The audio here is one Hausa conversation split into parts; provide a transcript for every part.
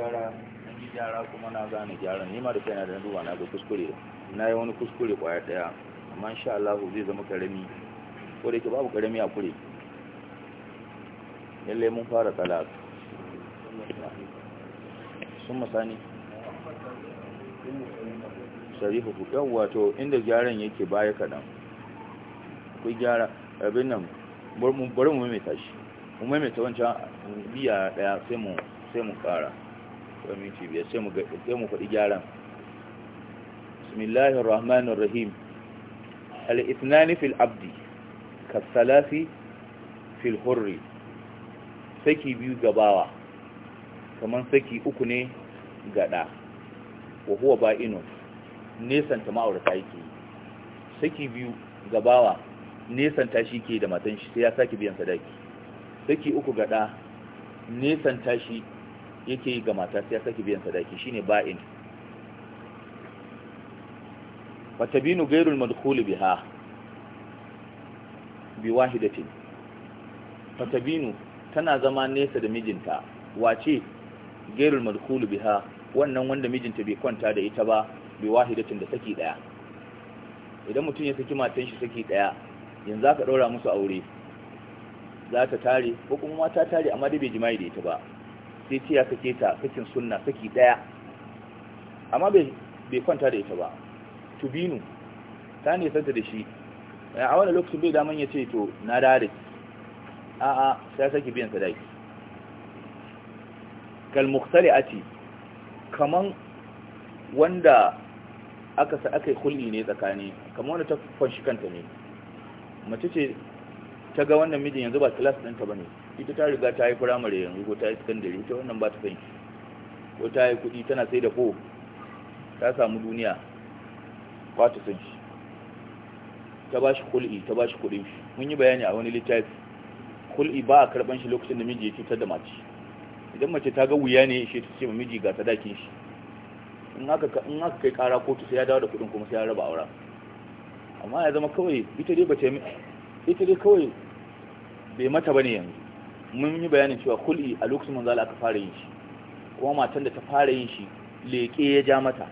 gyara an yi gyara kuma na gane gyara, ni ma da kaina da na duba na ga kuskure na yi wani kuskure kwaya daya amma insha Allah zai zama karami ko da yake babu karami a kure lalle mun fara talak sun masani sharihu ku yawwa to inda gyaran yake baya kadan Akwai gyara abin nan bari mu maimaita shi mu maimaita wancan biya daya sai mu sai mu kara ko biyar sai mu sai mu faɗi gyaran bismillahir rahmanir rahim al-ithnani fil abdi kasalafi fil hurri saki biyu gabawa kaman saki uku ne gada wa huwa ba'inun nesanta ma'aurata yake saki biyu gabawa nesanta shi ke da matan shi sai ya saki biyan sadaki saki uku gada nesanta shi yake yi ga mata sai ya saki biyan sadaki shine ba'in wa tabinu ghayrul madkhul biha bi wahidatin fa tabinu tana zama nesa da mijinta wace ghayrul madkhul biha wannan wanda mijinta bai kwanta da ita ba bi wahidatin da saki daya idan mutum ya saki matan shi saki daya yanzu aka daura musu aure za ta tare ko kuma mata tare amma dai bai jima'i da ita ba sai ce ya sake ta sakin sunna saki daya amma bai kwanta da ita ba tubinu ta ne santa da shi eh, a wani lokacin bai daman ya ce to na dare a'a sai saki biyan sadaki a ati kaman wanda aka sa aka yi hulɗi ne tsakani kaman wanda ta kwanshi kanta ne mace ce ta ga wannan mijin yanzu ba kilas ɗinta ba ne ita ta riga ta yi firamare yanzu ko ta yi sakandare ita wannan ba ta san ko ta yi kuɗi tana sai da ko ta samu duniya ba ta san shi ta ba shi kul'i ta ba shi kuɗin shi mun yi bayani a wani littafi kul'i ba a karban shi lokacin da miji ya cutar da mace idan mace ta ga wuya ne shi ta ce ma miji ga sadakin shi in aka in aka kai ƙara kotu sai ya dawo da kuɗin kuma sai ya raba aura amma ya zama kawai ita dai bace ita dai kawai bai mata bane yanzu mun yi bayanin cewa kul'i a lokacin manzo Allah aka fara yin shi kuma matan da ta fara yin shi leke ya ja mata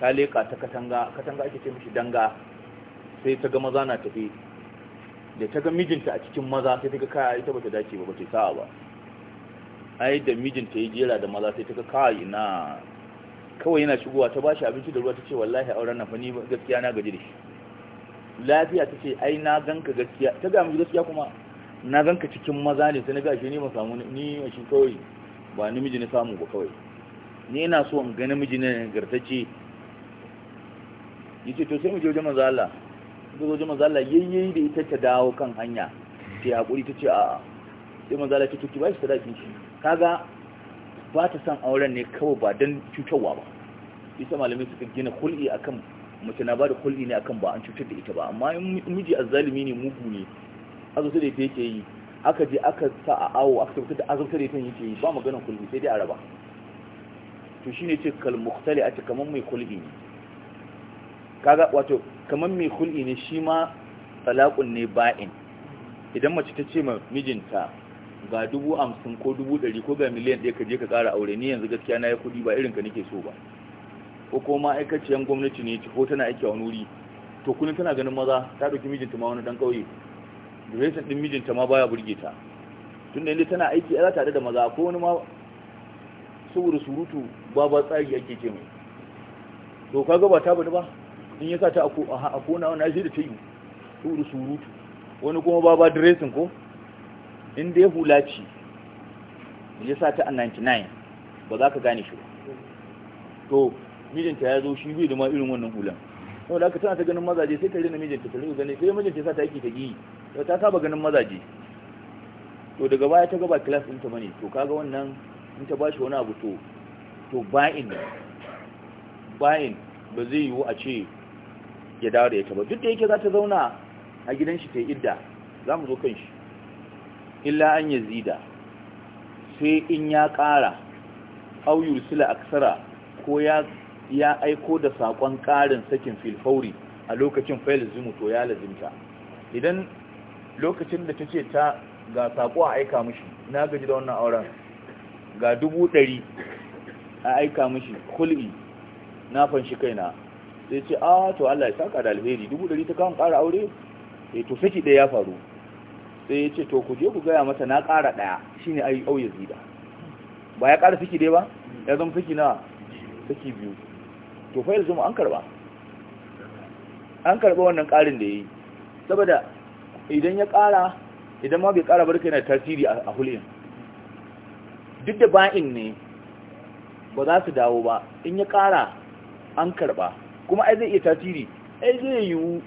ta leka ta katanga katanga ake ce mishi danga sai ta ga maza na tafi da ta ga mijinta a cikin maza sai ta ga kaya ita bata dace ba bata sa'a ba ai da mijinta ya jera da maza sai ta ga kaya na kawai yana shigowa ta bashi abinci da ruwa ta ce wallahi auren nan fa ni gaskiya na gaji da shi lafiya ta ce ai na ganka gaskiya ta ga mu gaskiya kuma na ganka cikin maza ne sai na ga shi ni ba samu ni a shi kawai ba namiji na samu ba kawai ni ina so in ga namiji ne gartacce yace to sai mu je wajen manzo Allah zo wajen manzo Allah yayyayi da ita ta dawo kan hanya sai hakuri ta ce a'a sai manzo Allah ya ce ki ba shi sadakin shi kaga ba ta san auren ne kawai ba dan cutarwa ba isa malamai suka gina kulli akan mace na ba da kulli ne akan ba an cutar da ita ba amma in miji azzalimi ne mugu ne azurta da ita yake yi aka je aka sa a awo aka tabbatar da azurta da ita yake yi ba maganar kulbi sai dai a raba to shine ce kalmuktali a ce kamar mai kulbi ne kaga wato kamar mai kulbi ne shi ma talaqun ne ba'in idan mace ta ce ma mijinta ga dubu hamsin ko dubu ɗari ko ga miliyan ɗaya ka je ka ƙara aure ni yanzu gaskiya na yi kuɗi ba irin ka nake so ba ko kuma ma'aikaciyar gwamnati ne ko tana aiki a wani wuri to kullum tana ganin maza ta ɗauki mijinta ma wani ɗan ƙauye duration din mijinta ma baya burge ta tunda inda tana aiki a tare da maza ko wani ma saboda surutu ba ba tsari ake ce mai to kaga ba ta bani ba in ya sa ta a kona wani ashe da ta yi saboda surutu wani kuma ba ba dressing ko in ya hula ci ya sa ta a 99 ba za ka gane shi ba to mijinta ya zo shi bai da ma irin wannan hulan sau da aka tana ta ganin mazaje sai ta rina mijinta ta rina ganin sai mijinta sa ta yake ta giyi to ta saba ganin mazaje to daga baya ta gaba class ɗinta bane to kaga wannan in ta bashi wani abu to to bayin bayin ba zai yiwu a ce ya dawo da ita ba duk da yake za ta zauna a gidan shi ta yi idda za mu zo kan shi illa an ya zida sai in ya ƙara auyul sila aksara ko ya ya aiko da sakon ƙarin sakin filfauri a lokacin fail to ya lazimta idan lokacin da ta ce ta ga sako a aika mushi, na gaji da wannan auren ga dubu ɗari a aika mushi, kul'i na fanshi kaina sai ce a ah, to Allah ya saka da alheri dubu ɗari ta kawon ƙara aure e to saki ɗaya ya faru sai ya ce to ku je ku gaya mata na ƙara ɗaya shi ne ayi auya zida ba ya ƙara saki ɗaya ba ya zama saki na saki biyu to fa yanzu an karba an karba wannan karin da yayi yi saboda idan ya kara idan ma bai kara barka yana tasiri a hulɗin duk da ba'in ne ba za su dawo ba in ya kara an karba kuma ai zai iya tasiri ai zai yiwu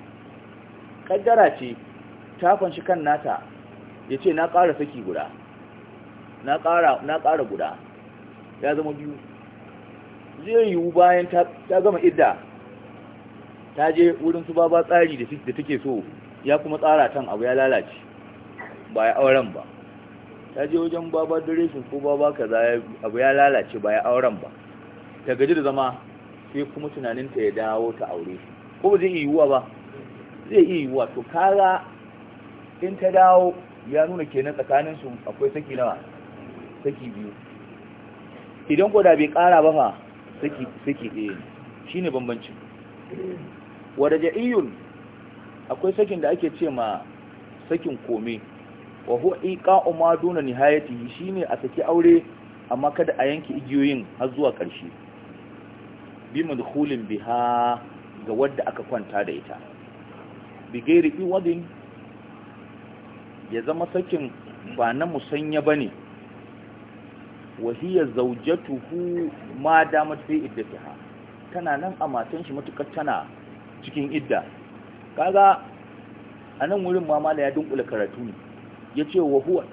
ƙaddara ce ta fanshi kan nata ya ce na kara saki guda na kara guda ya zama biyu zai yiwu bayan ta gama idda ta je wurin su baba tsari da take so ya kuma tsara can abu ya lalace ba ya auren ba ta je wajen baba direshin ko baba kaza abu ya lalace ba ya auren ba ta gaji da zama sai kuma tunaninta ya dawo ta aure shi ko zai iya yiwuwa ba zai iya yiwuwa to kaga in ta dawo ya nuna kenan tsakanin su akwai saki nawa saki biyu idan ko da bai kara ba ma. saki saki ɗaya ne shine bambancin wa raja'iyun akwai sakin da ake ce ma sakin kome wa huwa iqa'u ma duna nihayatihi shine a saki aure amma kada a yanke igiyoyin har zuwa ƙarshe bi madkhulin biha ga wadda aka kwanta da ita bi gairi iwadin ya zama sakin ba na musanya bane wa hiya zawjatuhu ma damat fi ha? tana nan a matan shi matukar tana cikin idda kaga a nan wurin mamala ya dunkula karatu ne ya ce wa huwa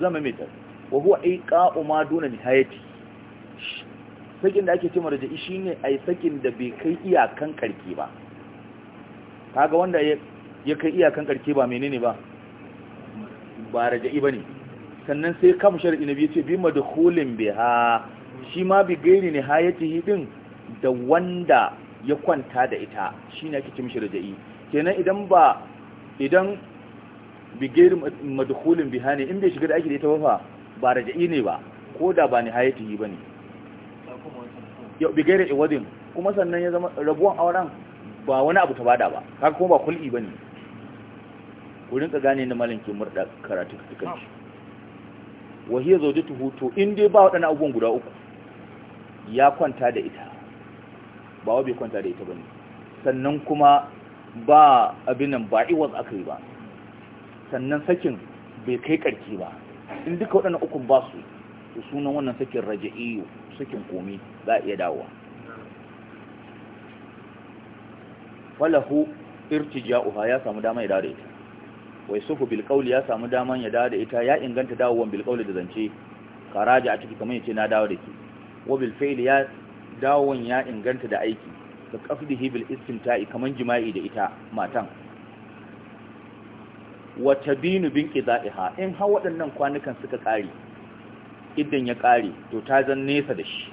zama metar wa huwa iqa'u ma duna nihayati sakin da ake cewa raja'i shine ai sakin da bai kai iyakan karki ba kaga wanda ya kai iyakan karki ba menene ba ba raja'i bane sannan sai kam shar'i na biyu ce bi madkhulin biha shi ma bi gairi ne hayatihi din da wanda ya kwanta da ita shine ake cin shar'i kenan idan ba idan bi gairi madkhulin biha ne in bai shiga da ake da ita ba ba raja'i ne ba ko da ba ni hayatihi bane bi gairi iwadin kuma sannan ya zama rabuwan auren ba wani abu ta bada ba kaga kuma ba kul'i bane ku rinka gane na malinki murda karatu cikin shi wahiyar ta hutu in dai ba waɗannan abubuwan guda uku ya kwanta da ita ba wa bai kwanta da ita ba ne sannan kuma ba abinan ba iwas aka yi ba sannan sakin bai kai karki ba in duka waɗannan uku ba su su sunan wannan sakin iyo, sakin komi za a iya dawowa falahu irtija'uha ya samu dama ya dawo da ita wai suhu bilkauli ya samu daman ya dawo da ita ya inganta dawowan bilkauli da zance karaja a ciki kamar yace na dawo da ke wa bilfaili ya dawowon ya inganta da aiki da kafdihi bil istimta'i kamar jima'i da ita matan wa tabinu bin qida'iha in ha waɗannan kwanukan suka kare idan ya kare to ta zan nesa da shi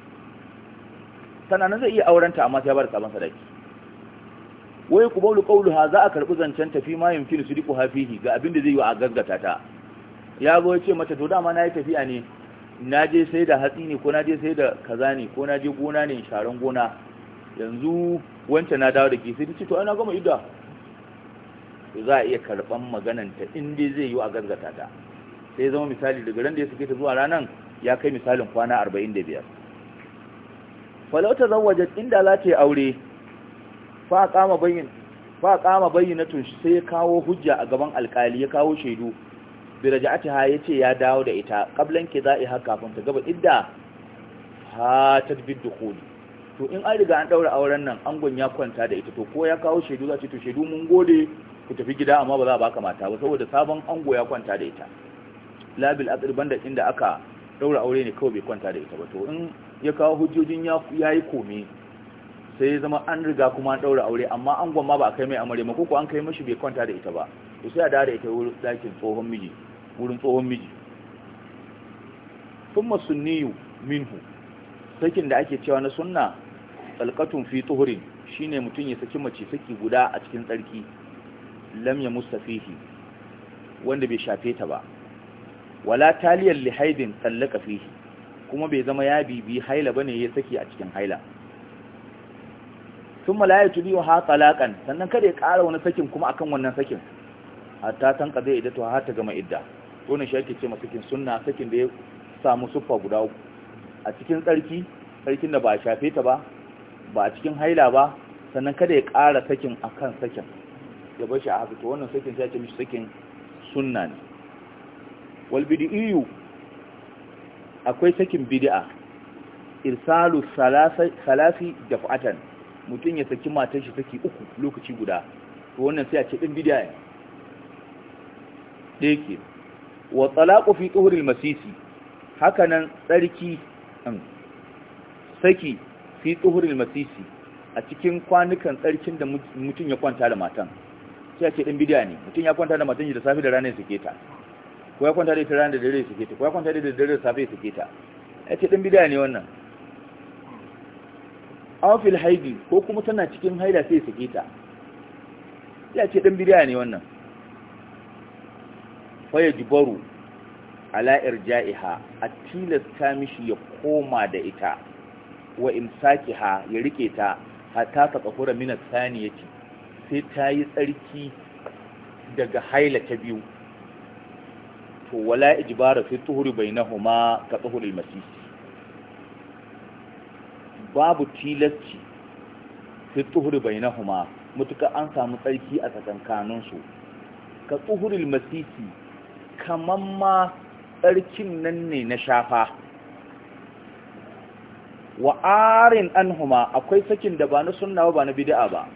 sannan zai iya aurenta amma sai ya bar tsaban sadaki wai ku baulu qawlu ha za a karbi zancen tafi ma su sidiqu hafihi ga abin da zai yi a gaggata ta ya zo yace mata to dama na yi tafiya ne na je sai da hatsi ne ko na je sai da kaza ne ko na je gona ne sharan gona yanzu wancan na dawo da ke sai ce to ana gama idda za a iya karban maganan ta in zai yi a gaggata ta sai zama misali daga ran da ya sake ta zuwa ranan ya kai misalin kwana 45 falau ta zawajat inda za ta yi aure fa kama bayyin fa kama sai ya kawo hujja a gaban alkali ya kawo shaidu bi raj'atiha yace ya dawo da ita qablan qidaiha kafin ta gaba idda ha tadbid dukhul to in an riga an daura auren nan angon ya kwanta da ita to ko ya kawo shaidu za ce to shaidu mun gode ku tafi gida amma ba za a baka mata ba saboda sabon ango ya kwanta da ita labil asir banda inda aka daura aure ne kawai bai kwanta da ita ba to in ya kawo hujjojin ya yi kome sai zama an riga kuma an daura aure amma an gwamma ba a kai mai amare ma koko an kai mashi bai kwanta da ita ba to sai a dare ita wurin dakin tsohon miji wurin tsohon miji thumma sunniyu minhu sakin da ake cewa na sunna talqatun fi tuhurin shine mutun ya saki mace saki guda a cikin tsarki lam ya mustafihi wanda bai shafe ta ba wala taliyar haidin tsallaka fihi kuma bai zama ya bibi haila bane ya saki a cikin haila sun malaya tuni wa haka laƙan sannan kada ya ƙara wani sakin kuma akan wannan sakin hatta san ka zai idda to har ta gama idda to ne shi ake ce sakin sunna sakin da ya samu suffa guda uku a cikin tsarki tsarkin da ba a shafe ta ba ba a cikin haila ba sannan kada ya ƙara sakin akan sakin ya bar shi a haka to wannan sakin sai ake mishi sakin sunna ne wal 'iyu akwai sakin bid'a irsalu salasi daf'atan mutum ya saki matar shi saki uku lokaci guda to wannan sai a ce din bidaya ne da yake wa talaqu fi al masisi hakanan tsarki um, saki fi al masisi a cikin kwanukan tsarkin da mutum ya kwanta da matan sai a ce din bidaya ne mutum ya kwanta da matan shi da safi da rana sai ta ko ya kwanta da ita rana da dare sai ta ko ya kwanta da dare da safi sai ta ya ce din bidaya ne wannan awfil haidi ko kuma tana cikin haila sai sake ta ya ce dan biriya ne wannan fa yajbaru ala irja'iha a tilasta mishi ya koma da ita wa imsakiha ya rike ta Hata ta Sani min ce, sai ta yi tsarki daga haila ta biyu to wala ijbara bai tuhuri bainahuma ka tuhuri masisi babu tilasci fi na huma mutuka an samu tsarki a tsakankaninsu ka tuhuril masisi kaman ma tsarkin nan ne na shafa wa arin anhuma akwai sakin da ba na sunna ba na bida'a ba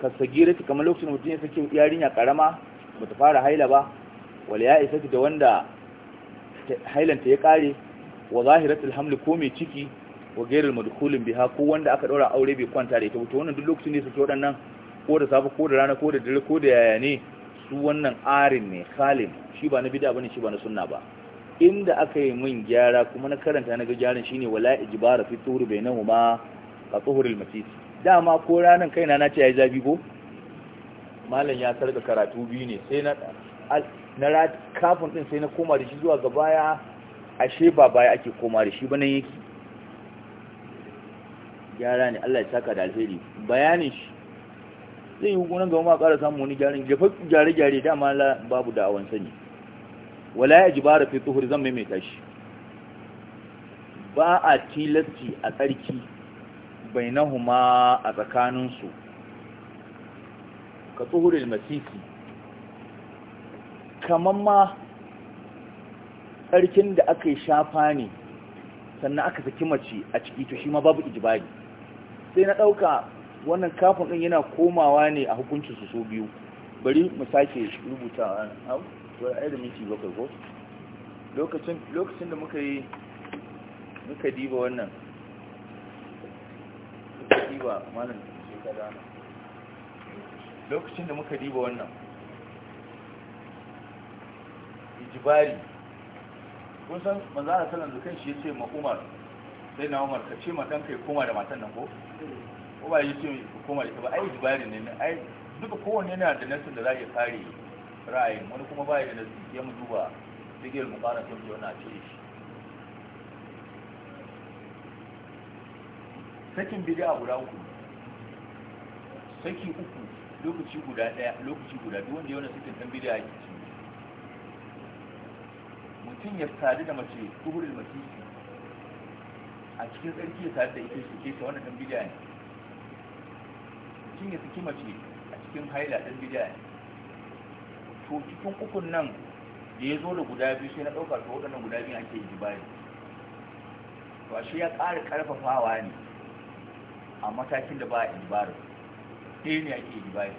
ka sagire ta kamar lokacin mutum ya saki yarinya karama bata fara haila ba wale ya isa da wanda hailanta ya kare wa zahiratul hamli ko mai ciki wa gairul madkhulin biha ko wanda aka daura aure bai kwanta da ita to wannan duk lokacin ne su to dannan ko da safa ko da rana ko da dare ko da yaya ne su wannan arin ne khalin shi ba na bid'a bane shi ba na sunna ba inda aka yi min gyara kuma na karanta na ga gyaran shine wala ijbara fi turu bainahuma ka tuhuril masjid dama ko ranan kaina na ce yayi zabi ko malam ya sarka karatu biyu ne sai na na rat kafin din sai na koma da shi zuwa gabaya ashe ba baya ake koma da shi ba nan yake gyara ne Allah ya saka da alheri bayanin shi zai yi hukunan ga ma ƙara samun wani gyaran gyare-gyare dama babu da'awan sani wala ya jibara fi tuhur zan maimaita shi ba a tilasti a tsarki huma a tsakaninsu ka da masisi kamar ma tsarkin da aka yi shafa ne sannan aka saki mace a ciki to shi ma babu ijibari sai na ɗauka wannan kafin ɗin yana komawa ne a hukuncin su so biyu bari mu sake rubuta a wani ayyar minti bakwai ko lokacin da muka yi muka diba wannan muka diba shekara lokacin da muka diba wannan ijibari kun san manzana sanar da kan shi ya ce ma umar sai na umar ka ce matan kai koma da matan nan ko ko ba yi ce koma da ita ba ai jibari ne ai duka kowanne yana da nasin da za ya kare ra'ayin wani kuma ba ya da nasin ya mu duba digiyar mu fara sun wani a cire shi sakin a guda uku saki uku lokaci guda daya lokaci guda duk wanda yana sakin dan bid'a yake mutum ya sadu da mace masu masisi a cikin tsarki ya tare da ita suke ta wannan dan bidiya ne mutum ya mace a cikin haila dan bidiya ne to cikin ukun nan da ya zo da guda biyu sai na ɗaukar ta waɗannan guda biyu ake yi jibari. to ashe ya ƙara ƙarfafawa ne a matakin da ba a ibaru ɗaya ne ake yi bayi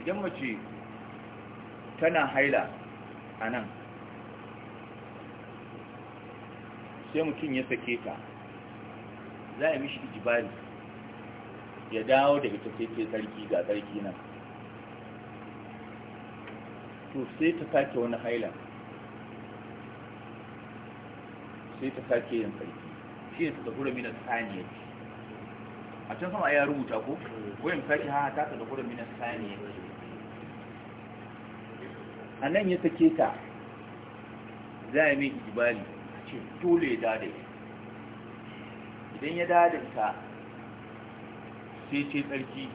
idan mace tana haila a nan sai mutum ya sake ta, za a mishi ijibari ya dawo daga tafaice sarki ga sarki nan to sai ta sake wani haila sai ta sake yin tsarki shi ne ta zahura minas saniyar a can sama ya rubuta ko wayan sake ha ta ta zahura minas saniya. a nan ya sake ta za a mai ijibari ce dole ya dade idan ya dadinta sai ce tsarki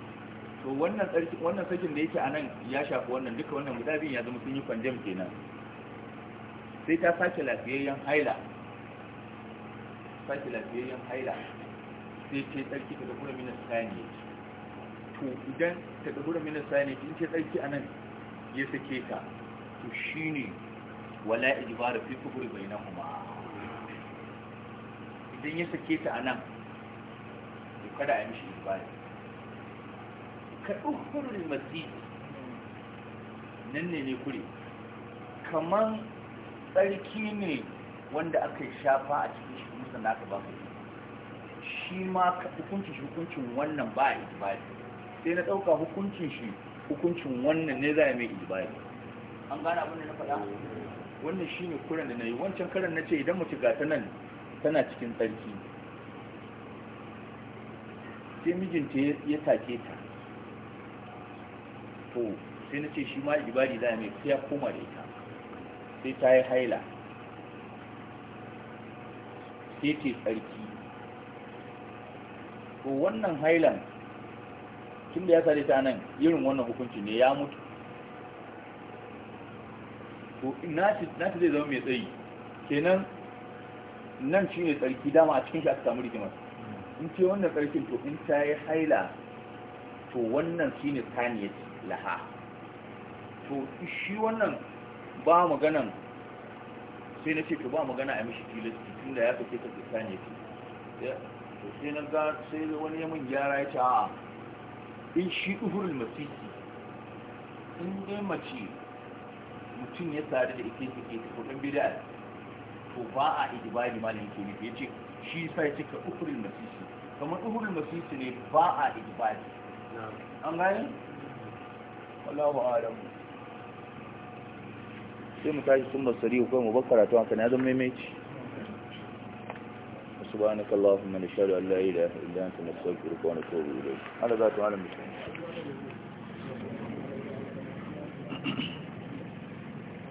to wannan tsarki wannan sakin da yake anan ya shafi wannan duka wannan guda biyun ya zama sun yi kwanjam kenan sai ta sake lafiyayyen haila sake lafiyayyen haila sai ce tsarki ta dabura minas sani to idan ta dabura minas sani in ce tsarki anan ya sake ta to shine wala ijbara fi kubur bainahuma idan ya sake ta a nan to kada a yi mishi ibada ka ɗuhurin masiji. nan ne ne kure kamar tsarki ne wanda aka yi shafa a cikin shi musa da aka ba ka shi ma hukuncin shi hukuncin wannan ba a ibada sai na ɗauka hukuncin shi hukuncin wannan ne za a mai ibada an gane abin da na faɗa wannan shi ne kuren da na yi wancan karan na ce idan mace gata nan tana cikin tsarki sai mijinta ya take ta to sai na ce shi ma ibadi za mai ya koma da ita sai ta yi haila sai ce tsarki to wannan hailan tun da ya sare ta nan irin wannan hukunci ne ya mutu to nashi zai zama mai tsayi kenan nan shi ne tsarki dama a cikin shi aka samu rigimar in ce wannan tsarkin to in ta yi haila to wannan shi ne taniyar laha to shi wannan ba maganan sai na ce to ba magana a mishi tilasti tun da ya kake ka taniyar to sai na ga sai wani yamin gyara ya ce a in shi uhurul masiki in dai mace mutum ya sadu da ita ke ta kudin bidiyar to ba a ijibari malin yake nufi ya ce shi sai cika ukurin masisi kamar ukurin masisi ne ba a ijibari an gani wallahu alam sai mu tashi sun basari ko mu bakkara to haka na zan maimaici subhanakallahumma nashhadu an la ilaha illa anta nastaghfiruka wa natubu ilayk ala zatu alam bismillah